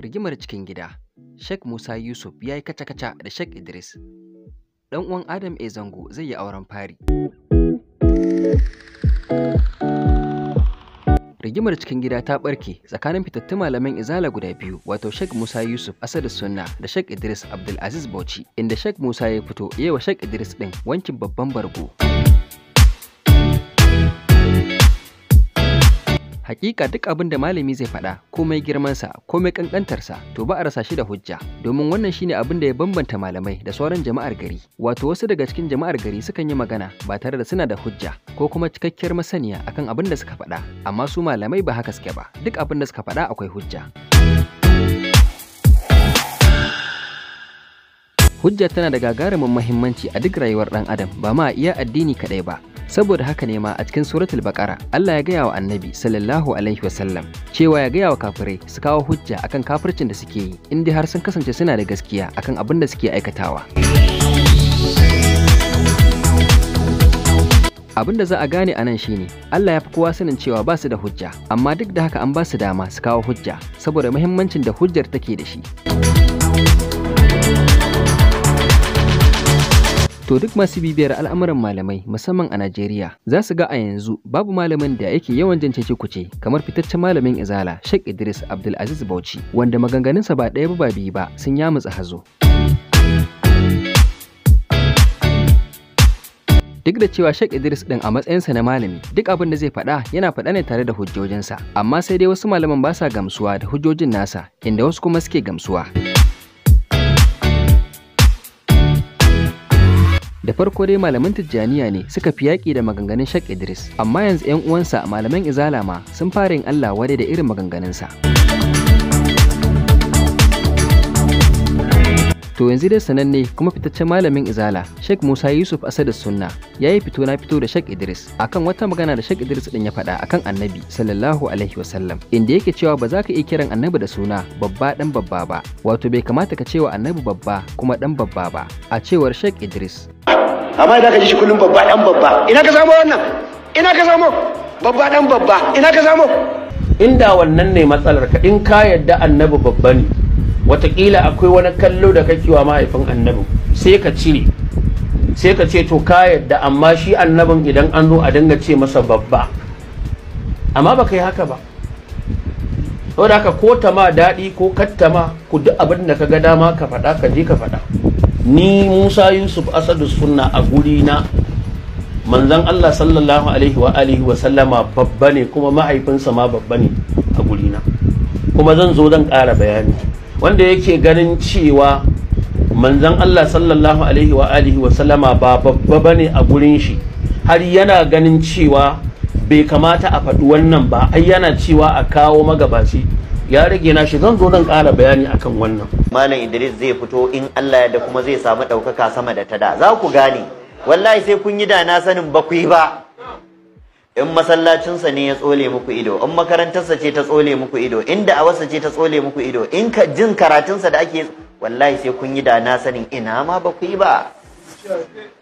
rigimar cikin gida Sheikh Musa Yusuf ya yi kaca-kaca da Sheikh Idris. Ɗan uwan Adam A. Zango zai yi auren fari. Rigimar cikin gida ta ɓarke tsakanin fitattun malaman izala guda biyu wato Sheikh Musa Yusuf Asadu Sunna da Sheikh Idris Abdul Aziz Bauchi inda Sheikh Musa ya fito wa Sheikh Idris ɗin wankin babban bargo. Hakika duk abin da malami zai faɗa komai girmansa komai sa, to ba a rasa shi da hujja domin wannan shine abin da ya bambanta malamai da sauran jama'ar gari wato wasu daga cikin jama'ar gari sukan yi magana ba tare da suna da hujja ko kuma cikakkiyar masaniya akan abin da suka faɗa amma su malamai ba haka suke ba duk abin da suka faɗa akwai hujja. Hujja tana da gagarumin muhimmanci a duk rayuwar ɗan adam ba ma iya addini kaɗai ba saboda haka ne ma a cikin suratul baqara Allah ya gaya wa annabi sallallahu alaihi wasallam cewa ya gaya wa kafirai su kawo hujja akan kafircin da suke yi in dai har sun kasance suna da gaskiya akan abin da suke aikatawa abin da za a gane anan shine Allah ya fi kowa sanin cewa ba su da hujja amma duk da haka an ba su dama su kawo hujja saboda muhimmancin da hujjar take da shi To duk masu bibiyar al'amuran malamai musamman a Najeriya za su ga a yanzu babu malamin da yake yawan jan cece kuce kamar fitaccen malamin Izala Sheikh Idris Abdul Aziz Bauchi wanda maganganun sa ba ɗaya ba biyu ba sun ya yamutsa hazo. duk da cewa Sheikh Idris din a matsayinsa na malami duk abin da zai faɗa yana faɗa ne tare da hujjojinsa amma sai dai wasu malaman ba sa gamsuwa da hujjojin nasa inda wasu kuma suke gamsuwa. da farko dai malaman tijjaniya ne suka fi yaƙi da maganganun shak idris amma yanzu 'yan uwansa malaman izala ma sun fara yin allah wadai da irin maganganunsa To yanzu dai sananne kuma fitaccen malamin Izala, Sheikh Musa Yusuf Asadu Sunna, ya yi fito na fito da Sheikh Idris akan wata magana da Sheikh Idris din ya faɗa akan Annabi sallallahu alaihi wasallam, inda yake cewa ba za ka iya kiran Annabi da suna babba dan babba ba, wato bai kamata ka cewa Annabi babba kuma dan babba ba, a cewar Sheikh Idris. amma idan ka ji shi kullum babba dan babba ina ka samo wannan ina ka samo babba dan babba ina ka samo inda wannan ne matsalar ka in ka yadda annabi babba ne watakila akwai wani kallo da kake wa mahaifin annabi sai ka cire sai ka ce to ka yadda amma shi annabin idan an zo a dinga ce masa babba amma ba ka yi haka ba saboda haka ko ta ma daɗi ko kattama ku duk abin da ka ga dama ka faɗa ka je ka faɗa ni Musa Yusuf Asadu Sunna a guri na manzan Allah sallallahu alaihi wa alihi wa sallama babba ne kuma mahaifinsa ma babba ne a guri na kuma zan zo zan ƙara bayani wanda yake ganin cewa manzan Allah sallallahu alaihi wa alihi wa sallama ba babba ba ne a gurin shi har yana ganin cewa bai kamata a faɗi wannan ba ai yana cewa a kawo magabaci ya rage na shi zan zo zan ƙara bayani akan wannan malam idris zai fito in allah ya da kuma zai samu ɗaukaka sama da tada za ku gane wallahi sai kun yi da na sanin ba ku yi ba in masallacinsa ne ya tsole muku ido in makarantarsa ce ta tsole muku ido in da'awarsa ce ta tsole muku ido in ka jin karatunsa da ake wallahi sai kun yi da na sanin ina ma ba ku yi ba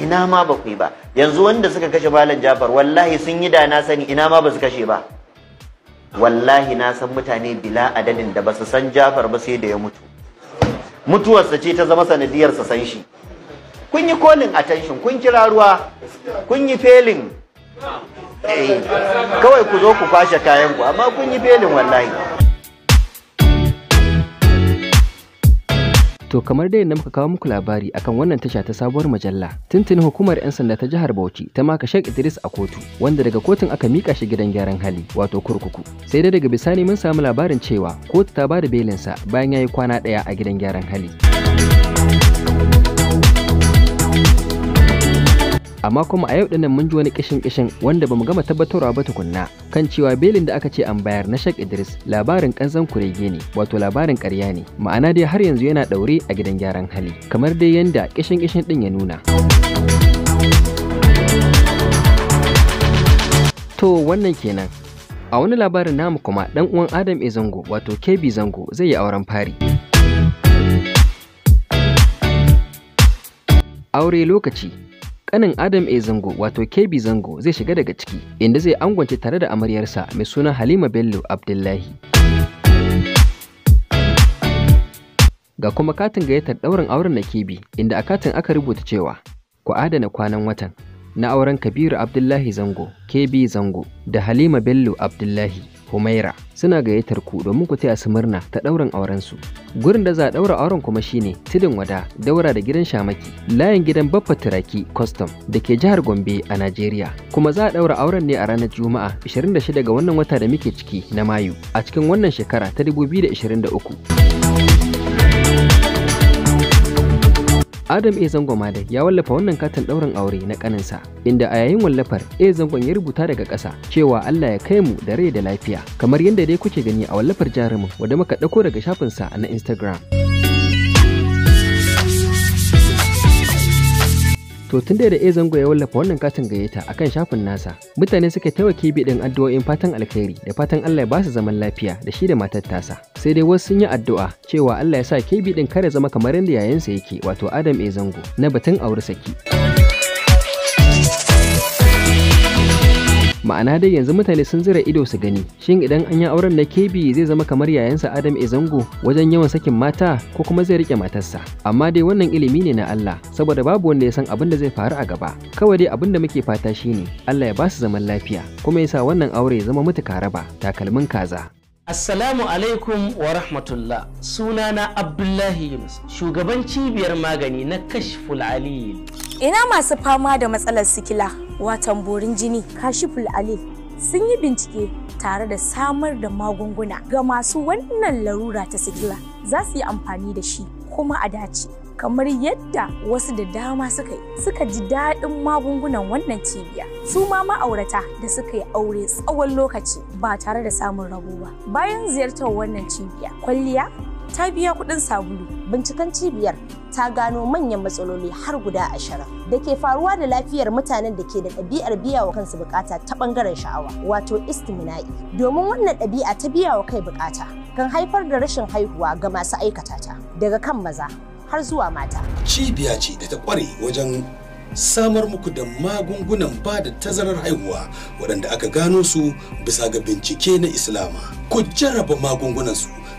ina ma ba ku yi ba yanzu wanda suka kashe malam jafar wallahi sun yi da na sani ina ma ba su kashe ba wallahi na san mutane bila adadin da ba su san Jafar ba sai da ya mutu mutuwarsa ce ta zama sanadiyar sa san shi kun yi kolin attention kun kira ruwa kun yi failing eh, kawai ku zo ku kwashe kayan ku amma kun yi felin wallahi To kamar dai yadda muka kawo muku labari akan wannan tasha ta sabuwar majalla, tuntuni hukumar 'yan sanda ta jihar Bauchi ta maka Sheikh Idris a kotu, wanda daga kotun aka mika shi gidan gyaran hali, wato kurkuku. Sai dai daga bisani mun samu labarin cewa kotu ta ba da belinsa bayan ya yi kwana ɗaya a gidan gyaran hali. amma kuma a yau dinnan mun ji wani kishin kishin wanda bamu gama tabbatarwa ba tukunna kan cewa belin da aka ce an bayar na Sheikh Idris labarin kanzan kurege ne wato labarin ƙarya ne ma'ana dai har yanzu yana daure a gidan gyaran hali kamar dai yanda kishin kishin din ya nuna. To wannan kenan. A wani labarin namu kuma dan uwan Adam ezango wato KB Zango zai yi auren fari. Aure lokaci kanin Adam A Zango wato KB Zango zai shiga daga ciki inda zai angwance tare da amaryarsa mai suna Halima Bello Abdullahi. Ga kuma katin gayyatar ɗaurin auren na KB inda a katin aka rubuta cewa ku adana kwanan watan na auren Kabiru Abdullahi Zango KB Zango da Halima Bello Abdullahi Humaira suna gayyatar ku domin ku taya su murna ta ɗaurin aurensu. Gurin da za a ɗaura auren kuma shine Tudun Wada, Daura da gidan Shamaki, layin gidan Baffa Turaki Custom da ke jihar Gombe a Najeriya. Kuma za a ɗaura auren ne a ranar Juma'a 26 ga wannan wata da muke ciki na Mayu a cikin wannan shekara ta 2023. Adam A. zangon Malik ya wallafa wannan katin ɗaurin aure na ƙaninsa, inda a yayin wallafar A. Zangon ya rubuta daga ƙasa cewa Allah ya kai mu da rai da lafiya, kamar yadda dai kuke gani a wallafar jarumin wadda muka ɗauko daga shafinsa na Instagram. To tun da da zango ya wallafa wannan katin gayyata a kan shafin nasa, mutane suka taimake bi ɗin addu'o'in fatan alkhairi da fatan Allah ya ba su zaman lafiya da shi da matar tasa. Sai dai wasu sun yi addu'a cewa Allah ya sa kibi ɗin kare zama kamar yadda yayansa yake wato Adam e zango na batun aure saki. ma'ana dai yanzu mutane sun zira ido su gani shin idan an yi auren na KB zai zama kamar yayansa adam ezango wajen yawan sakin mata ko kuma zai rike matarsa amma dai wannan ilimi ne na Allah saboda babu wanda ya san abin da zai faru a gaba kawai dai abin da muke fata shine Allah ya ba su zaman lafiya kuma yasa wannan aure ya zama mutu raba takalmin kaza Assalamu alaikum wa rahmatullah sunana Abdullahi Yunus shugaban cibiyar magani na Kashful Aliyu. ina masu fama da matsalar sikila watan borin jini kashiful Ali sun yi bincike tare da samar da magunguna ga masu wannan larura ta sikila za su yi amfani da shi kuma a dace kamar yadda wasu da dama suka yi suka ji daɗin magungunan wannan cibiya su ma ma'aurata da suka yi aure tsawon lokaci ba tare da samun rabo ba bayan ziyartar wannan cibiya kwalliya ta biya kudin sabulu. Binciken cibiyar ta gano manyan matsaloli har guda ashirin da ke faruwa da lafiyar mutanen da ke da ɗabi'ar biya wa kansu bukata ta ɓangaren sha'awa wato istimina'i. Domin wannan ɗabi'a ta biya wa kai bukata kan haifar da rashin haihuwa ga masu aikata ta daga kan maza har zuwa mata. Cibiya ce da ta kware wajen samar muku da magungunan ba da tazarar haihuwa waɗanda aka gano su bisa ga bincike na islama ku jarraba magungunansu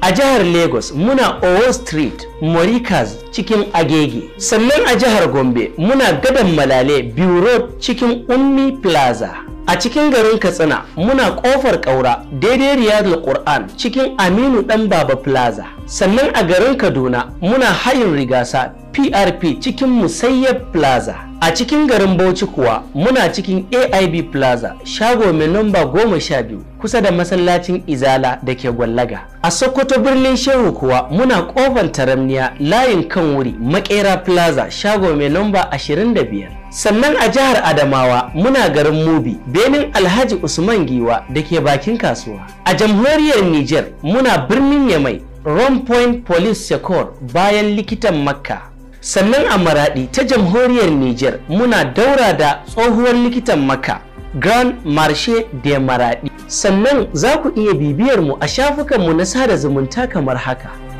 a jihar lagos muna owo street morikas cikin agege sannan a jihar gombe muna gadon malale biyu road cikin ummi plaza a cikin garin katsina muna kofar kaura daidai riyadul qur'an cikin aminu dan baba plaza sannan a garin kaduna muna hayin rigasa prp cikin musayyab plaza a cikin garin bauchi kuwa muna cikin aib plaza shago mai Nomba goma sha biyu kusa da masallacin izala da ke gwallaga a sokoto birnin shehu kuwa muna kofar taramniya layin kan wuri makera plaza shago mai da 25 sannan a jihar adamawa muna garin mubi benin alhaji usman giwa da ke bakin kasuwa a jamhuriyar Nijar muna birnin yamai Rome Point Police Secor bayan likitan Makka. sannan a maradi ta jamhuriyar Nijar, muna daura da tsohuwar likitan maka grand marche de maradi sannan za ku iya bibiyar mu a shafukanmu na sada zumunta kamar haka